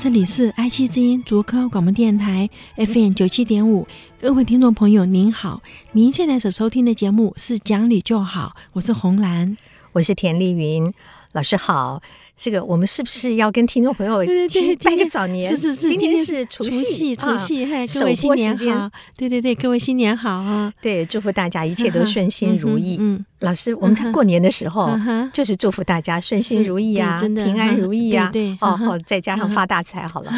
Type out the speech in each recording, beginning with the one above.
這裡是 IC 之音竹科廣播電台 FM 九七點五，各位聽眾朋友您好，您現在所收聽的節目是講理就好，我是洪蘭，我是田麗雲，老師好。這個我們是不是要跟聽眾朋友拜個早年？是是是，今天是除夕，除夕。嗨，各位新年好！對對對，各位新年好！對，祝福大家一切都順心如意。嗯，老師，我們在過年的時候就是祝福大家順心如意啊，平安如意啊，哦，再加上發大財好了。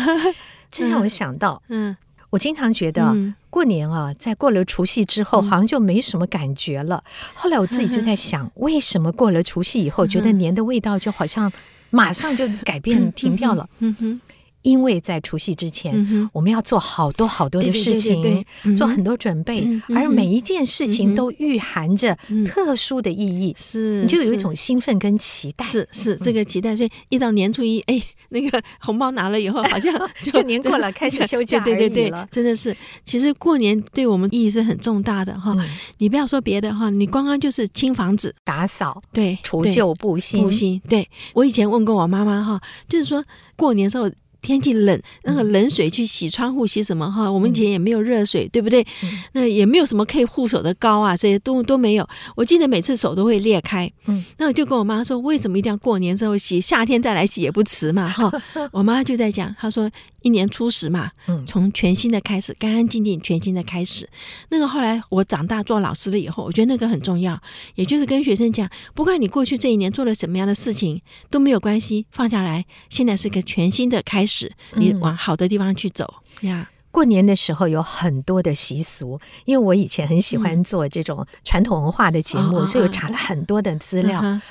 這讓我想到，嗯，我經常覺得過年啊，在過了除夕之後，好像就沒什麼感覺了。後來我自己就在想，為什麼過了除夕以後，覺得年的味道就好像。馬上就改變停掉了。 嗯聽聽嗯因為在除夕之前，嗯、哼我們要做好多好多的事情，對對對對做很多準備，嗯、而每一件事情都蘊含着特殊的意義，是你就有一種興奮跟期待。是是，這個期待，所以一到年初一，哎，那個紅包拿了以後，好像就， 就年過了，開始休假而已了， 對，對，對對對，真的是。其實過年對我們意義是很重大的哈，嗯、你不要說別的哈，你剛剛就是清房子、打掃，對，除舊佈新。佈新。對我以前問過我媽媽哈，就是說過年時候。天氣冷，那個冷水去洗窗戶洗什麼哈？嗯、我們以前也沒有熱水，對不對？嗯、那也沒有什麼可以護手的膏啊，這些都都沒有。我記得每次手都會裂開，嗯，那我就跟我媽說，為什麼一定要過年之後洗？夏天再來洗也不遲嘛，哈。 我媽就在講，她說。一年初十嘛，從全新的開始，乾乾淨淨，全新的開始。那個後來我長大做老師了以後，我覺得那個很重要，也就是跟學生講，不管你過去這一年做了什麼樣的事情都沒有關係，放下來，現在是個全新的開始，你往好的地方去走。呀、Yeah.，過年的時候有很多的習俗，因為我以前很喜歡做這種傳統文化的節目，嗯哦、所以我查了很多的資料。哦啊啊啊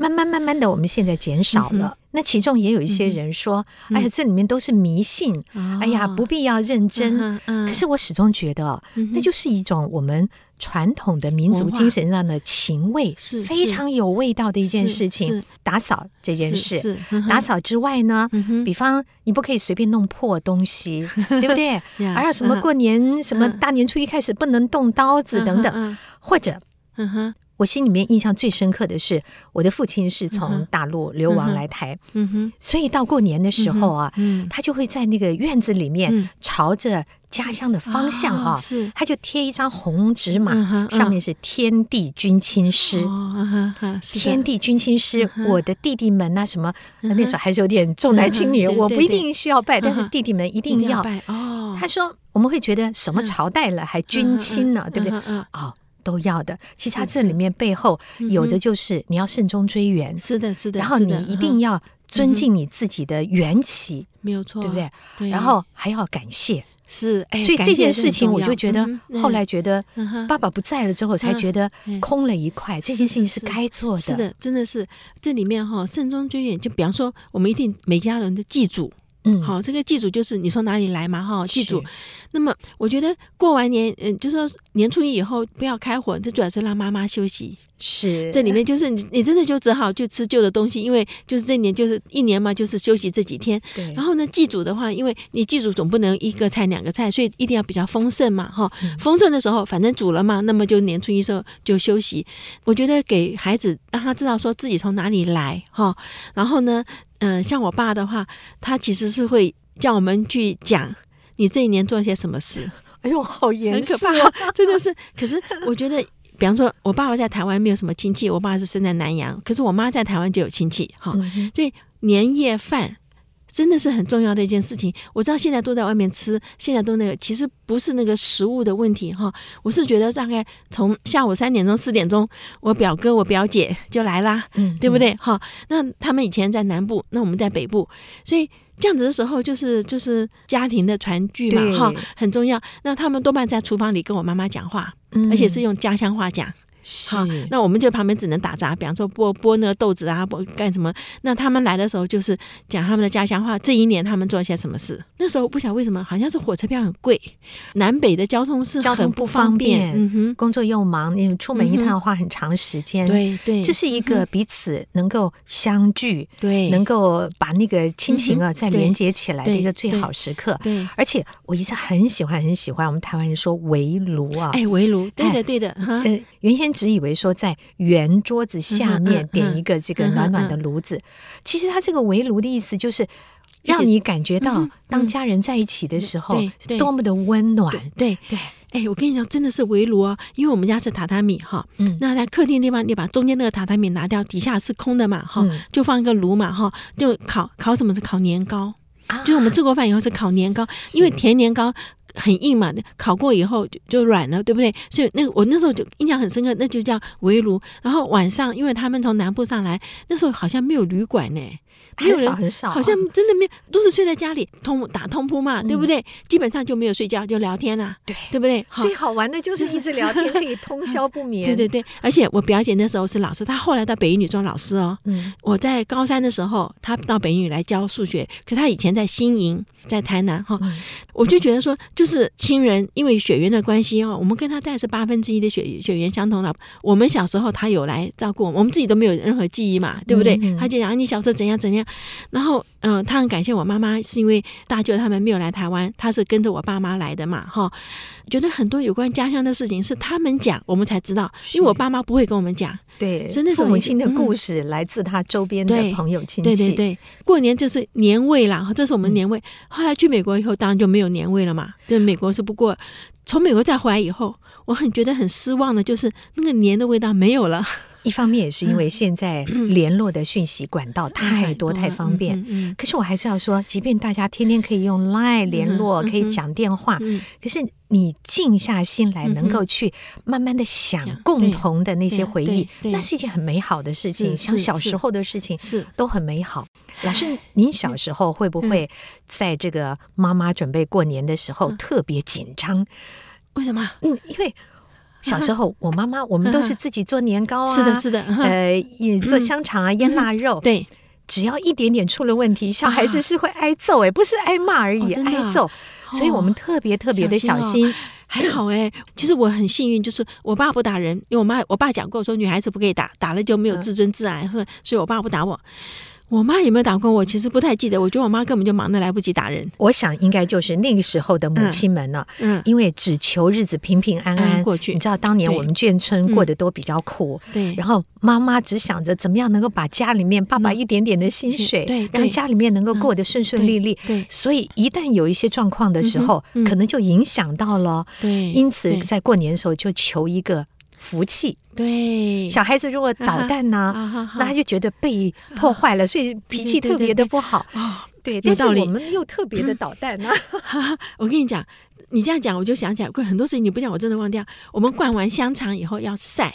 慢慢慢慢的，我們現在減少了。那其中也有一些人說：“哎呀，這裡面都是迷信，哎呀，不必要認真。”可是我始終覺得，那就是一種我們傳統的民族精神上的情味，非常有味道的一件事情。打掃這件事，打掃之外呢，比方你不可以隨便弄破東西，對不對？還有什麼過年什麼大年初一開始不能動刀子等等，或者，嗯哼。我心裡面印象最深刻的是，我的父親是從大陸流亡來臺，所以到過年的時候啊，他就會在那個院子裡面朝着家鄉的方向啊，他就貼一張紅紙嘛，上面是天地君親師，天地君親師，我的弟弟們啊，什麼，那時候還是有點重男輕女，我不一定需要拜，但是弟弟們一定要拜，哦，他說我們會覺得什麼朝代了，還君親呢，對不對？哦。都要的，其實它這裡面背後有的就是你要慎終追遠，是的，是、嗯、的，然後你一定要尊敬你自己的緣起，嗯嗯、沒有錯，對不對？對啊、然後還要感謝，是，哎、所以這件事情我就覺得，後來覺得爸爸不在了之後，才覺得空了一塊，嗯嗯嗯、這件事情是該做的，是，是，是，是的，真的是這裡面哈、哦，慎終追遠，就比方說，我們一定每家人都記住。嗯，好，這個祭祖就是你從哪裡來嘛，哈，祭祖。是那麼我覺得過完年，嗯，就是、說年初一以後不要開火，這主要是讓媽媽休息。是，這裡面就是你，你真的就只好就吃舊的東西，因為就是這年就是一年嘛，就是休息這幾天。對。然後呢，祭祖的話，因為你祭祖總不能一個菜兩個菜，所以一定要比較豐盛嘛，哈。嗯、豐盛的時候，反正煮了嘛，那麼就年初一時候就休息。我覺得給孩子讓他知道說自己從哪裡來，哈，然後呢。嗯，像我爸的話，他其實是會叫我們去講你這一年做些什麼事。哎呦，好嚴格啊，真的是。可是我覺得，比方說我爸爸在台灣沒有什麼親戚，我爸是生在南洋，可是我媽在台灣就有親戚，哈、嗯哼。所以年夜飯。真的是很重要的一件事情。我知道現在都在外面吃，現在都那個，其實不是那個食物的問題哈、哦。我是覺得大概從下午三點鐘、四點鐘，我表哥、我表姐就來啦，嗯嗯對不對哈、哦？那他們以前在南部，那我們在北部，所以這樣子的時候就是就是家庭的團聚嘛哈對、哦，很重要。那他們多半在廚房裡跟我媽媽講話，嗯、而且是用家鄉話講。是好，那我們就旁邊只能打雜，比方說剝剝那個豆子啊，剝幹什麼？那他們來的時候就是講他們的家鄉話。這一年他們做些什麼事？那時候我不曉得為什麼，好像是火車票很貴，南北的交通是很不方便。方便嗯哼，工作又忙，你、嗯、哼出門一趟花很長時間、嗯。對對，這是一個彼此能夠相聚，對、嗯哼，能夠把那個親情啊對再連接起來的一個最好時刻。對，對對對而且我一直很喜歡很喜歡我們台灣人說圍爐啊，哎，圍爐，對的對的，哈呃、原先。一直以為說在圓桌子下面點一個這個暖暖的爐子，嗯嗯、其實它這個圍爐的意思就是讓你感覺到當家人在一起的時候，多麼的溫暖，對、嗯嗯嗯、對。對對對對哎，我跟你講，真的是圍爐、哦、因為我們家是榻榻米哈、嗯哦，那在客廳地方，你把中間那個榻榻米拿掉，底下是空的嘛，哈、哦，嗯、就放一個爐嘛，哈、哦，就烤烤什麼？是烤年糕，啊、就是我們吃過飯以後是烤年糕，因為甜年糕，很硬嘛，烤過以後就軟了，對不對？所以那我那時候就印象很深刻，那就叫圍爐。然後晚上，因為他們從南部上來，那時候好像沒有旅館呢，沒有人還少很少，好像真的沒有，都是睡在家裡通打通鋪嘛，對不對？嗯、基本上就沒有睡覺，就聊天啦，對對不對？最好玩的就是一直聊天， 可以通宵不眠。 對對對，而且我表姐那時候是老師，她後來到北一女做老師哦。嗯，我在高三的時候，她到北一女來教數學，可她以前在新營，在台南哈，嗯、我就覺得說。 就是親人，因為血緣的關係哦，我們跟他帶是八分之一的血血緣相同了。我們小時候他有來照顧我們，我們自己都沒有任何記憶嘛，對不對？嗯嗯，他就講你小時候怎樣怎樣，然後嗯、呃，他很感謝我媽媽，是因為大舅他們沒有來台灣，他是跟着我爸媽來的嘛，哈。覺得很多有關家鄉的事情是他們講，我們才知道，是因為我爸媽不會跟我們講。對，真的是。父母親的故事來自他周邊的朋友親戚。嗯、對，對對對，過年就是年味啦，這是我們年味。嗯、後來去美國以後，當然就沒有年味了嘛。對，美國是不過，從美國再回來以後，我很覺得很失望的，就是那個年的味道沒有了。一方面也是因為現在聯絡的訊息管道，太多太方便，可是我還是要說，即便大家天天可以用 Line 聯絡，可以講電話，可是你靜下心來，能夠去慢慢的想共同的那些回憶，那是一件很美好的事情。像小時候的事情是都很美好。老師，您小時候會不會在這個媽媽準備過年的時候特別緊張？為什麼？嗯，因為。小時候，我媽媽我們都是自己做年糕啊，嗯、是的是的，嗯、呃，也做香腸啊，嗯、醃臘肉。對，只要一點點出了問題，嗯、小孩子是會挨揍哎，不是挨罵而已，啊、挨揍。哦啊哦、所以我們特別特別的小心。小心哦、還好哎、欸，其實我很幸運，就是我爸不打人， 因為我媽我爸講過說女孩子不可以打，打了就沒有自尊自愛、嗯，所以我爸不打我。我媽有沒有打過我？我其實不太記得。我覺得我媽根本就忙得來不及打人。我想應該就是那個時候的母親們呢、啊嗯，嗯，因為只求日子平平安安，安，安過去。你知道當年我們眷村，對過得都比較苦，嗯、對。然後媽媽只想着怎麼樣能夠把家裡面爸爸一點點的薪水，嗯、讓家裡面能夠過得順順利利。嗯、對。對，所以一旦有一些狀況的時候，嗯嗯、可能就影響到了。對。對因此，在過年的時候就求一個。福氣對小孩子如果搗蛋呢、啊，啊啊、哈哈那他就覺得被破壞了，啊、哈所以脾氣特別的不好。對,對,對,對,對，哦、對但是我們又特別的搗蛋呢、啊嗯。我跟你講，你這樣講我就想起來，很多事情你不講我真的忘掉。我們灌完香腸以後要曬，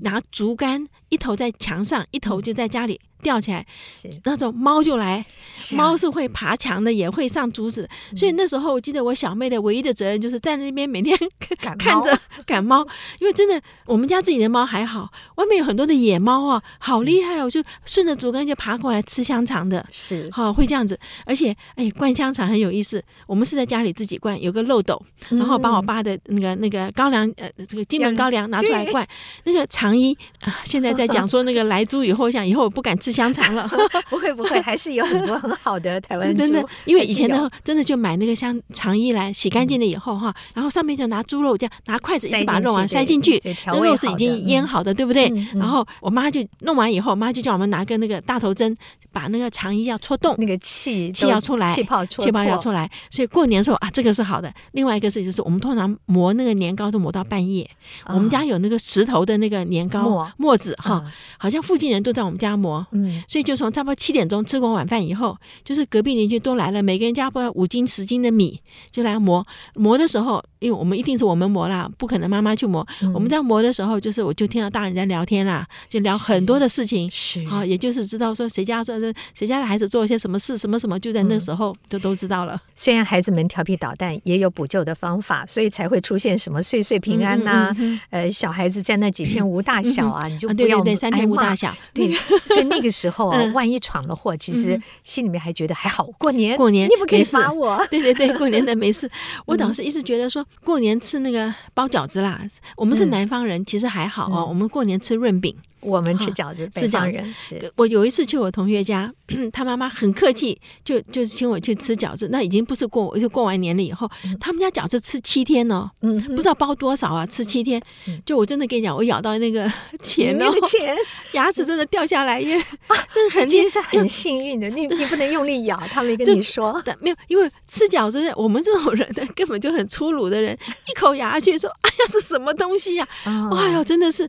拿、嗯、竹竿。一頭在牆上，一頭就在家裡吊起來，嗯、那種貓就來，是啊、貓是會爬牆的，也會上竹子，嗯、所以那時候我記得我小妹的唯一的責任就是在那邊每天看着趕貓，趕貓，因為真的我們家自己的貓還好，外面有很多的野貓啊、哦，好厲害，哦。嗯、就順着竹竿就爬過來吃香腸的，是哈、哦、會這樣子，而且哎灌香腸很有意思，我們是在家裡自己灌，有個漏斗，然後把我爸的那個那個高粱呃這個金門高粱拿出來灌，嗯嗯嗯、那個腸衣啊現在在。在講說那個萊豬以後，想以後我不敢吃香腸了。不會不會，還是有很多很好的台灣豬。真的，因為以前呢，真的就買那個香腸衣來洗乾淨了以後哈，然後上面就拿豬肉這樣拿筷子一直把肉啊塞進去。那肉是已經醃好的，對不對？然後我媽就弄完以後，媽就叫我們拿個那個大頭針，把那個腸衣要戳洞，那個氣氣要出來，氣泡氣泡要出來。所以過年的時候啊，這個是好的。另外一個是，就是我們通常磨那個年糕都磨到半夜。我們家有那個石頭的那個年糕磨子哦、好像附近人都在我們家磨，嗯，所以就從差不多七點鐘吃過晚飯以後，就是隔壁鄰居都來了，每個人家搬五斤十斤的米就來磨。磨的時候，因為我們一定是我們磨啦，不可能媽媽去磨。嗯、我們在磨的時候，就是我就聽到大人在聊天啦，嗯、就聊很多的事情，是啊、哦，也就是知道說誰家說誰家的孩子做了些什麼事，什麼什麼，就在那時候就都知道了、嗯。雖然孩子們調皮搗蛋，也有補救的方法，所以才會出現什麼歲歲平安吶、啊，嗯嗯嗯、呃，小孩子在那幾天無大小啊，你就不要。嗯嗯啊對對對對，對，三天無大小，對，所以那個時候啊、哦， 嗯、萬一闖了禍，其實心裡面還覺得還好。過年，過年，你不可以罰我。沒事，我對對對，過年的沒事。我倒是一直覺得說過年吃那個包餃子啦，我們是南方人，嗯、其實還好哦。嗯、我們過年吃潤餅。我們吃餃子是這樣人。我有一次去我同學家，他媽媽很客氣，就就請我去吃餃子。那已經不是過就過完年了以後，他們家餃子吃七天呢。嗯，不知道包多少啊，吃七天。就我真的跟你講，我咬到那個錢，那個錢牙齒真的掉下來，因為啊，這肯定是很幸運的。你你不能用力咬，他們沒跟你說。但沒有，因為吃餃子，我們這種人根本就很粗魯的人，一口咬下去說：“哎呀，是什麼東西呀？”哇喲，真的是。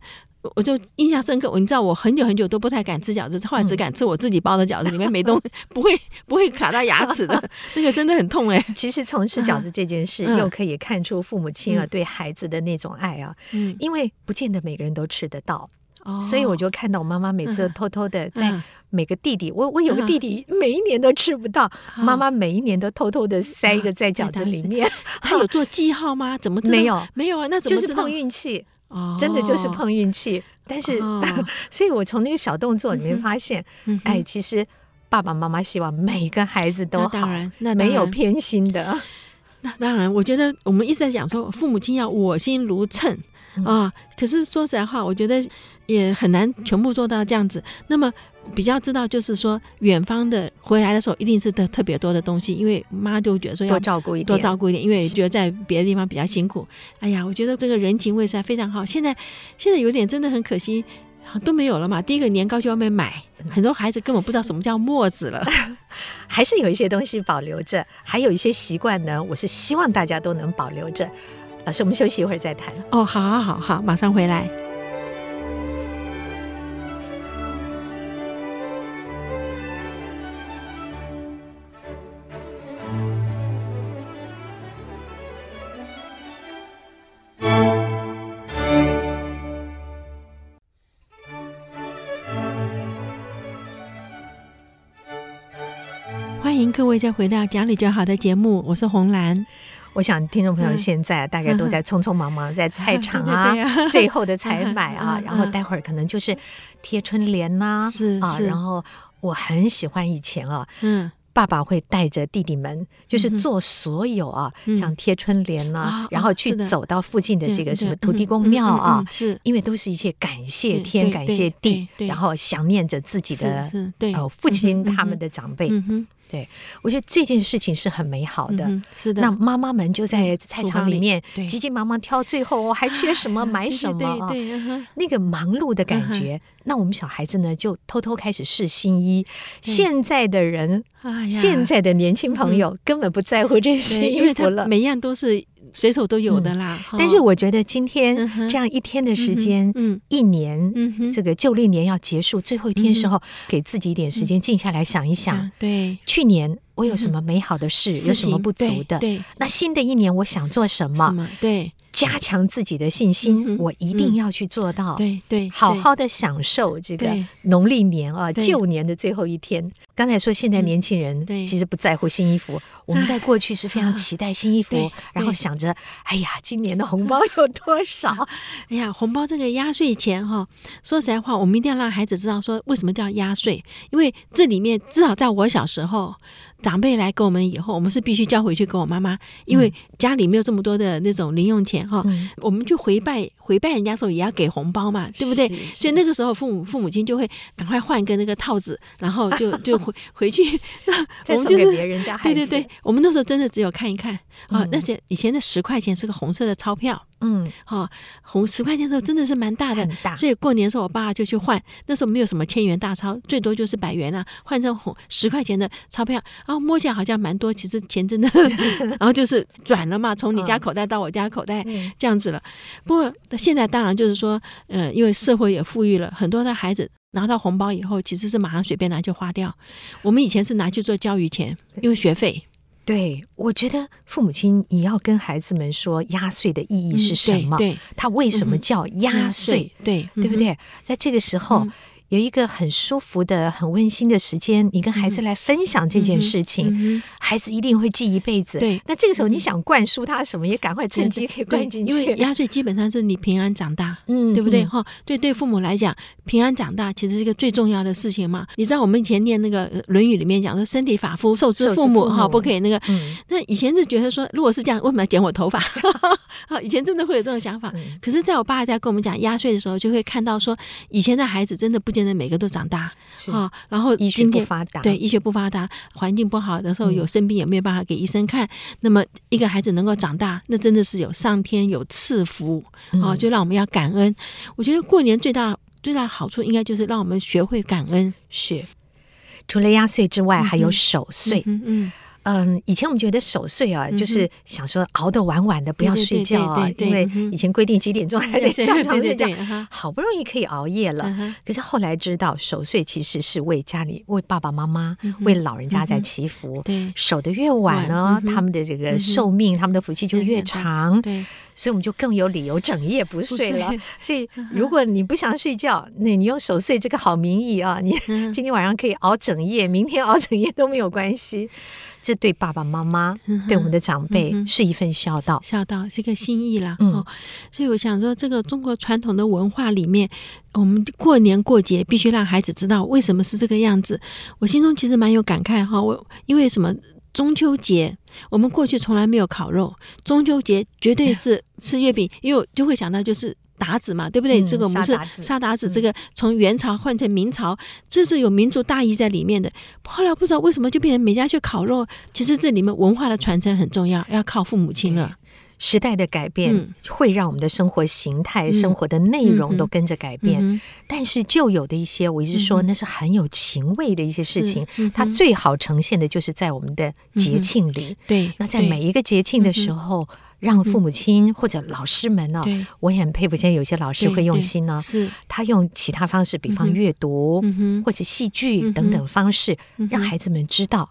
我就印象深刻，我你知道，我很久很久都不太敢吃餃子，後來只敢吃我自己包的餃子，裡面沒東西，不會不會卡到牙齒的，那個真的很痛哎。其實從吃餃子這件事，又可以看出父母親啊對孩子的那種愛啊，嗯，因為不見得每個人都吃得到哦，所以我就看到我媽媽每次都偷偷的在每個弟弟，我我有個弟弟，每一年都吃不到，媽媽每一年都偷偷的塞一個在餃子裡面，他有做記號嗎？怎麼沒有？沒有啊，那就是碰運氣。真的就是碰運氣，哦、但是，哦、 所以我從那個小動作裡面發現，哎、嗯嗯，其實爸爸媽媽希望每個孩子都好，那當然，那當然，沒有偏心的，那當然，我覺得我們一直在講說，父母親要我心如秤、嗯、啊，可是說實在話，我覺得也很難全部做到這樣子。那麼。比較知道，就是說，遠方的回來的時候，一定是的特別多的東西，因為媽就覺得說要照顧一點，多照顧一點，因為覺得在別的地方比較辛苦。哎呀，我覺得這個人情味是非常好。現在現在有點真的很可惜，都沒有了嘛。第一個年糕就要買，很多孩子根本不知道什麼叫磨子了。還是有一些東西保留着，還有一些習慣呢，我是希望大家都能保留着。老師，我們休息一會兒再談。哦，好好好好，馬上回來。各位再回到講理就好”的節目，我是洪蘭。我想聽眾朋友現在大概都在匆匆忙忙在菜場啊， 最後的採買啊，然後待會兒可能就是貼春聯吶、啊， 是，是啊。然後我很喜歡以前啊，嗯，爸爸會帶着弟弟們，就是做所有啊，像貼、嗯嗯、春聯吶、啊，嗯嗯然後去走到附近的這個什麼土地公廟啊，是、嗯嗯、因為都是一些感謝天、對對對感謝地，然後想念着自己的哦父親、他們的長輩。對，我覺得這件事情是很美好的。嗯、是的，那媽媽們就在菜場裡面、嗯、裡對急急忙忙挑，最後我、哦、還缺什麼、啊、買什麼對，對嗯、那個忙碌的感覺。嗯、哼那我們小孩子呢，就偷偷開始試新衣。嗯、現在的人，哎、呀現在的年輕朋友、嗯、根本不在乎這些衣服了，因為他每樣都是。隨手都有的啦，嗯、後但是我覺得今天這樣一天的時間，嗯，嗯，嗯，一年，嗯哼，這個舊曆年要結束、嗯、哼最後一天時候，給自己一點時間靜下來想一想，嗯嗯啊、對，去年。我有什麼美好的事？有什麼不足的？對，那新的一年我想做什麼？對，加強自己的信心，我一定要去做到。對對，好好的享受這個農曆年啊，舊年的最後一天。剛才說現在年輕人其實不在乎新衣服，我們在過去是非常期待新衣服，然後想着哎呀，今年的紅包有多少？哎呀，紅包這個壓歲錢哈，說實在話，我們一定要讓孩子知道說為什麼叫壓歲，因為這裡面至少在我小時候。長輩來給我們以後，我們是必須交回去給我媽媽，因為家裡沒有這麼多的那種零用錢哈、嗯哦。我們就回拜回拜人家時候也要給紅包嘛，對不對？是是，所以那個時候父母父母親就會趕快換一個那個套子，然後就就回 回去。我們就給別人家孩子， 對對對，我們那時候真的只有看一看啊、嗯哦，那些以前的十塊錢是個紅色的鈔票。嗯，好、哦，紅十塊錢的時候真的是蠻大的，大，所以過年的時候，我爸就去換。那時候沒有什麼千元大鈔，最多就是百元啊，換成紅十塊錢的鈔票啊，摸起來好像蠻多，其實錢真的， 然後就是轉了嘛，從你家口袋到我家口袋這樣子了。嗯嗯、不過現在當然就是說，嗯、呃，因為社會也富裕了，很多的孩子拿到紅包以後，其實是馬上隨便拿去花掉。我們以前是拿去做教育錢，因為學費。對，我覺得父母親，你要跟孩子們說壓歲的意義是什麼？嗯、對，他為什麼叫壓歲？對、嗯，對不對？對嗯、在這個時候。嗯有一個很舒服的、很溫馨的時間，你跟孩子來分享這件事情，嗯嗯嗯、孩子一定會記一輩子。對，那這個時候你想灌輸他什麼，也趕快趁機可以灌進去。對對對對，因為壓歲基本上是你平安長大，嗯，對不對？哈、嗯哦，對對，父母來講，平安長大其實是一個最重要的事情嘛。你知道，我們以前念那個《論語》裡面講說，身體髮膚，受之父母，哈受之父母、哦，不可以那個。那、嗯、以前是覺得說，如果是這樣，為什麼要剪我頭髮？ 以前真的會有這種想法。嗯、可是在我爸在跟我們講壓歲的時候，就會看到說，以前的孩子真的不剪。現在每個都長大啊是、哦，然後醫學不發達，對醫學不發達，環境不好的時候，有生病也沒有辦法給醫生看。嗯、那麼一個孩子能夠長大，那真的是有上天有賜福啊、哦，就讓我們要感恩。嗯、我覺得過年最大最大的好處應該就是讓我們學會感恩。是，除了壓歲之外，嗯、哼還有守歲。嗯，嗯，嗯。嗯，以前我們覺得守歲啊，就是想說熬得晚晚的不要睡覺啊，因為以前規定幾點鐘還得上床睡覺，好不容易可以熬夜了。可是後來知道守歲其實是為家裡、為爸爸媽媽、為老人家在祈福。對，守得越晚呢，他們的這個壽命、他們的福氣就越長。對，所以我們就更有理由整夜不睡了。所以如果你不想睡覺，那你用守歲這個好名義啊，你今天晚上可以熬整夜，明天熬整夜都沒有關係。這對爸爸媽媽，嗯嗯、對我們的長輩，是一份孝道。孝道是一個心意啦、嗯哦，所以我想說，這個中國傳統的文化裡面，我們過年過節必須讓孩子知道為什麼是這個樣子。我心中其實蠻有感慨哈、哦，我因為什麼？中秋節我們過去從來沒有烤肉，中秋節絕對是吃月餅，因為我就會想到就是。韃子嘛，對不對？這個我們是殺韃子，這個從元朝換成明朝，這是有民族大義在裡面的。後來不知道為什麼就變成每家去烤肉，其實這裡面文化的傳承很重要，要靠父母親了。時代的改變會讓我們的生活形態、生活的內容都跟着改變，但是就有的一些，我一直說那是很有情味的一些事情，它最好呈現的就是在我們的節慶裡。對，那在每一個節慶的時候。讓父母親或者老師們呢、哦，嗯、我也很佩服。現在有些老師會用心呢、哦，是他用其他方式，比方閱讀、嗯哼嗯、哼或者戲劇等等方式，嗯哼嗯、哼讓孩子們知道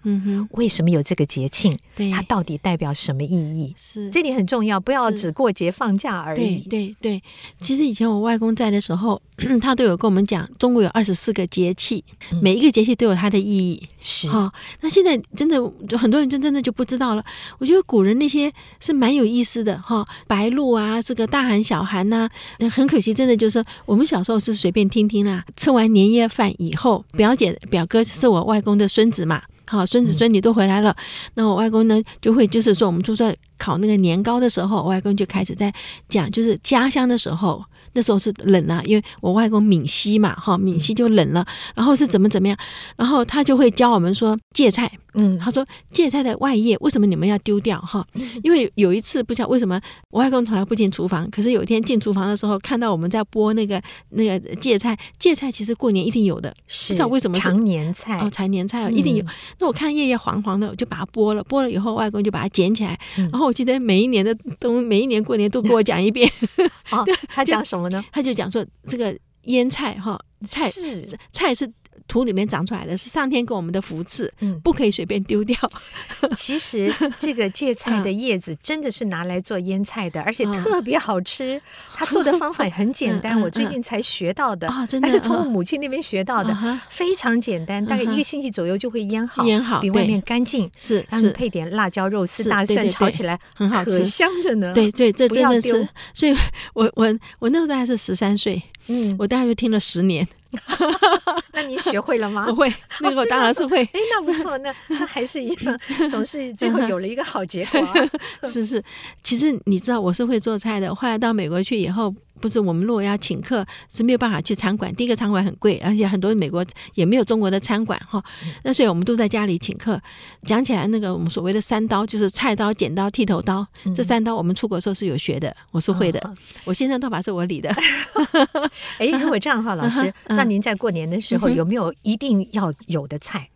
為什麼有這個節慶，嗯、哼它到底代表什麼意義。是，這點很重要，不要只過節放假而已。對對對，其實以前我外公在的時候，嗯、他都有跟我們講，中國有二十四個節氣，每一個節氣都有它的意義。是，好，那現在真的很多人真真的就不知道了。我覺得古人那些是蠻有意思的。是的，哈，白露啊，這個大寒小寒吶、啊，那很可惜，真的就是說我們小時候是隨便聽聽啦。吃完年夜飯以後，表姐表哥是我外公的孫子嘛，好，孫子孫女都回來了，那我外公呢就會就是說，我們就在烤那個年糕的時候，我外公就開始在講，就是家鄉的時候。那時候是冷了、啊，因為我外公閩西嘛，哈，閩西就冷了。嗯、然後是怎麼怎麼樣？然後他就會教我們說芥菜，嗯，他說芥菜的外葉為什麼你們要丟掉？哈、嗯，因為有一次不知道為什麼我外公從來不進廚房，可是有一天進廚房的時候看到我們在剝那個那個芥菜，芥菜其實過年一定有的，是不知道為什麼常年菜、哦、常年菜哦，常年菜一定有。那我看葉葉黃黃的，我就把它剝了，剝了以後外公就把它撿起來。嗯、然後我記得每一年的都每一年過年都給我講一遍， 哦、他講什麼？他就講說，這個醃菜哈，菜是菜是。土裡面長出來的是上天給我們的福賜，不可以隨便丟掉。其實這個芥菜的葉子真的是拿來做醃菜的，而且特別好吃。它做的方法很簡單，我最近才學到的，還是從我母親那邊學到的，非常簡單，大概一個星期左右就會醃好。醃好比外面乾淨，是是配點辣椒、肉絲、大蒜炒起來很好吃，香着呢。對對，這真的是。所以我我我那時候大概是十三歲，嗯，我大概就聽了十年。 那你學會了嗎？不會，那個當然是會。哎、哦欸，那不錯，那那還是一樣， 總是最後有了一個好結果、啊。 是是，其實你知道我是會做菜的，後來到美國去以後。不是我們，如果要請客，是沒有辦法去餐館。第一個餐館很貴，而且很多美國也沒有中國的餐館哈。嗯、那所以我們都在家裡請客。講起來，那個我們所謂的三刀，就是菜刀、剪刀、剃頭刀，嗯、這三刀我們出國時候是有學的，我是會的。嗯、我先生頭髮是我理的。啊、 哎，如果這樣哈、啊，老師，啊、那您在過年的時候、嗯、有沒有一定要有的菜？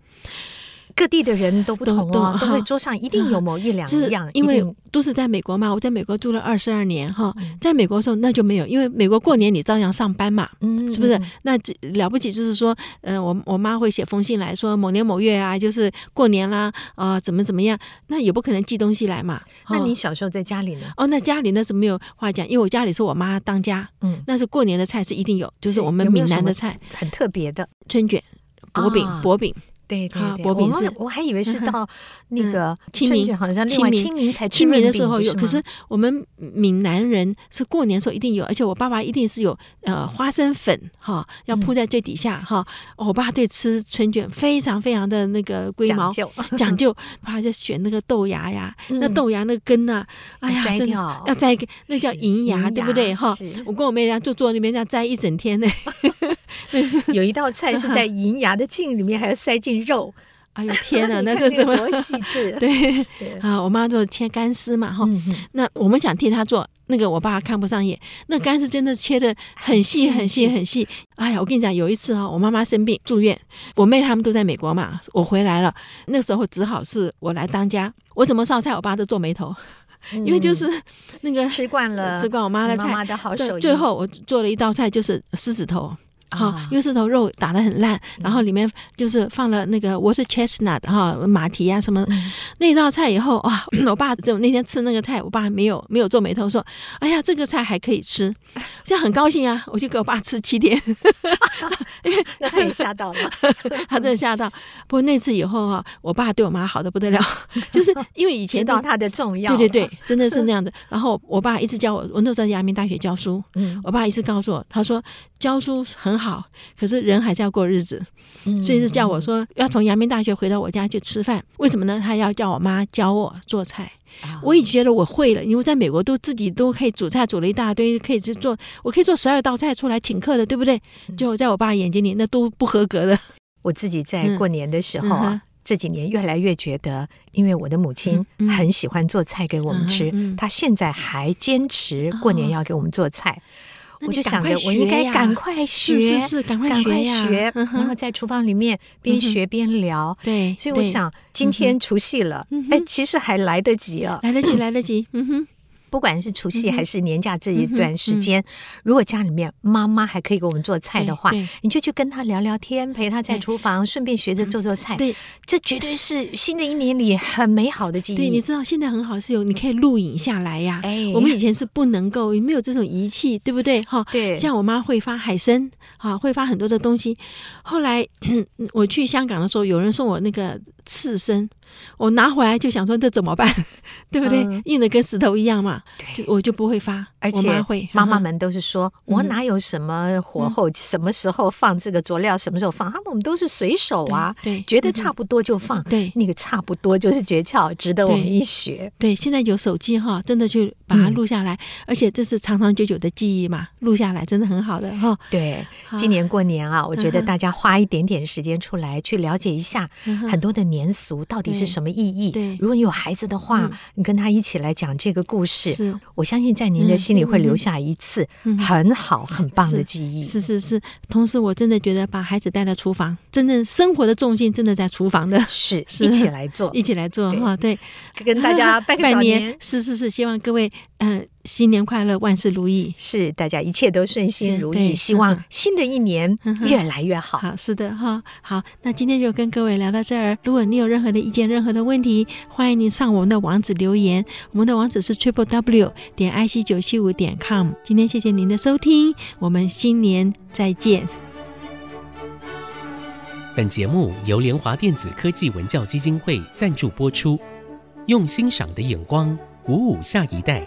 各地的人都不同啊，都會桌上一定有某一兩樣，因為都是在美國嘛。我在美國住了二十二年哈，在美國的時候那就沒有，因為美國過年你照樣上班嘛，是不是？那這了不起就是說，嗯，我我媽會寫封信來說某年某月啊，就是過年啦啊，怎麼怎麼樣？那也不可能寄東西來嘛。那你小時候在家裡呢？哦，那家裡那是沒有話講，因為我家裡是我媽當家，嗯，那是過年的菜是一定有，就是我們閩南的菜，很特別的春捲、薄餅、薄餅。對對，薄餅是，我還以為是到那個清明，好像清明清明才清明的時候有。可是我們閩南人是過年時候一定有，而且我爸爸一定是有呃花生粉哈，要鋪在最底下哈。我爸對吃春卷非常非常的那個龜毛講究，講究，他就選那個豆芽呀，那豆芽那個根吶，哎呀，真的要摘，那叫銀芽，對不對哈？我跟我妹家就坐那邊家摘一整天呢。有一道菜是在銀芽的莖裡面還要塞進肉，哎呦天吶，那這怎麼細緻？對，啊，我媽就切乾絲嘛，哈，那我們想替她做，那個我爸看不上眼，那乾絲真的切得很細很細很細。哎呀，我跟你講，有一次啊，我媽媽生病住院，我妹他們都在美國嘛，我回來了，那個時候只好是我來當家，我怎麼燒菜，我爸都皺眉頭，因為就是那個吃慣了，吃慣我媽的菜，媽媽的好手藝。最後我做了一道菜，就是獅子頭。啊、哦，因為是頭肉打的很爛，啊、然後裡面就是放了那個 water chestnut 哈、哦、馬蹄啊什麼的、嗯、那道菜以後啊、哦，我爸就那天吃那個菜，我爸沒有沒有皺眉頭說，哎呀這個菜還可以吃，就很高興啊，我就給我爸吃七天，啊、 那他也嚇到了， 他真的嚇到。不過那次以後哈、啊，我爸對我媽好的不得了， 就是因為以前知道他的重要，對對對，真的是那樣子。 然後我爸一直教我，我那時候在陽明大學教書，嗯，我爸一直告訴我，他說教書很。很好，可是人還是要過日子，嗯、所以是叫我說要從陽明大學回到我家去吃飯。嗯、為什麼呢？他要叫我媽教我做菜，哦、我也覺得我會了，因為在美國都自己都可以煮菜，煮了一大堆，可以去做，我可以做十二道菜出來請客的，對不對？就在我爸眼睛裡那都不合格的。我自己在過年的時候啊，嗯嗯、這幾年越來越覺得，因為我的母親很喜歡做菜給我們吃，她、嗯嗯、現在還堅持過年要給我們做菜。嗯嗯嗯啊、我就想着我應該趕快學，是是是，趕快啊、趕快學，趕快學，然後在廚房裡面邊學邊聊，嗯、對，對，所以我想今天除夕了，嗯、哼哎，其實還來得及啊，來得及，來得及，嗯哼。不管是除夕還是年假這一段時間，嗯嗯嗯嗯、如果家裡面媽媽還可以給我們做菜的話，欸、你就去跟她聊聊天，陪她在廚房，順便學着做做菜。欸、對，這絕對是新的一年裡很美好的記憶。對，你知道現在很好是有你可以錄影下來呀、啊。欸、我們以前是不能夠，也沒有這種儀器，對不對？哈，對。像我媽會發海參，啊，會發很多的東西。後來我去香港的時候，有人送我那個刺身。我拿回來就想說這怎麼辦，對不對？Uh, 硬的跟石頭一樣嘛，對就我就不會發。而且媽媽們都是說，我哪有什麼火候？什麼時候放這個佐料？什麼時候放？他們我們都是隨手啊，對，覺得差不多就放。對，那個差不多就是訣竅，值得我們一學。對，現在有手機哈，真的去把它錄下來，而且這是長長久久的記憶嘛，錄下來真的很好的哈。對，今年過年啊，我覺得大家花一點點時間出來去了解一下很多的年俗到底是什麼意義。對，如果你有孩子的話，你跟他一起來講這個故事，我相信在您的心。你會留下一次很好、嗯、很棒的記憶是，是是是。同時，我真的覺得把孩子帶到廚房，真的生活的重心真的在廚房的，是，是一起來做 一起來做哈對、哦。對，跟大家拜個早年， 年，是是是。希望各位嗯。呃新年快樂，萬事如意！是大家一切都順心如意，希望新的一年越來越好。嗯、好，是的哈，好，那今天就跟各位聊到這兒。如果你有任何的意見、任何的問題，歡迎你上我們的網址留言。我們的網址是 triple w 點 i c 九七五點 com、嗯。今天謝謝您的收聽，我們新年再見。本節目由聯華電子科技文教基金會贊助播出，用欣賞的眼光鼓舞下一代。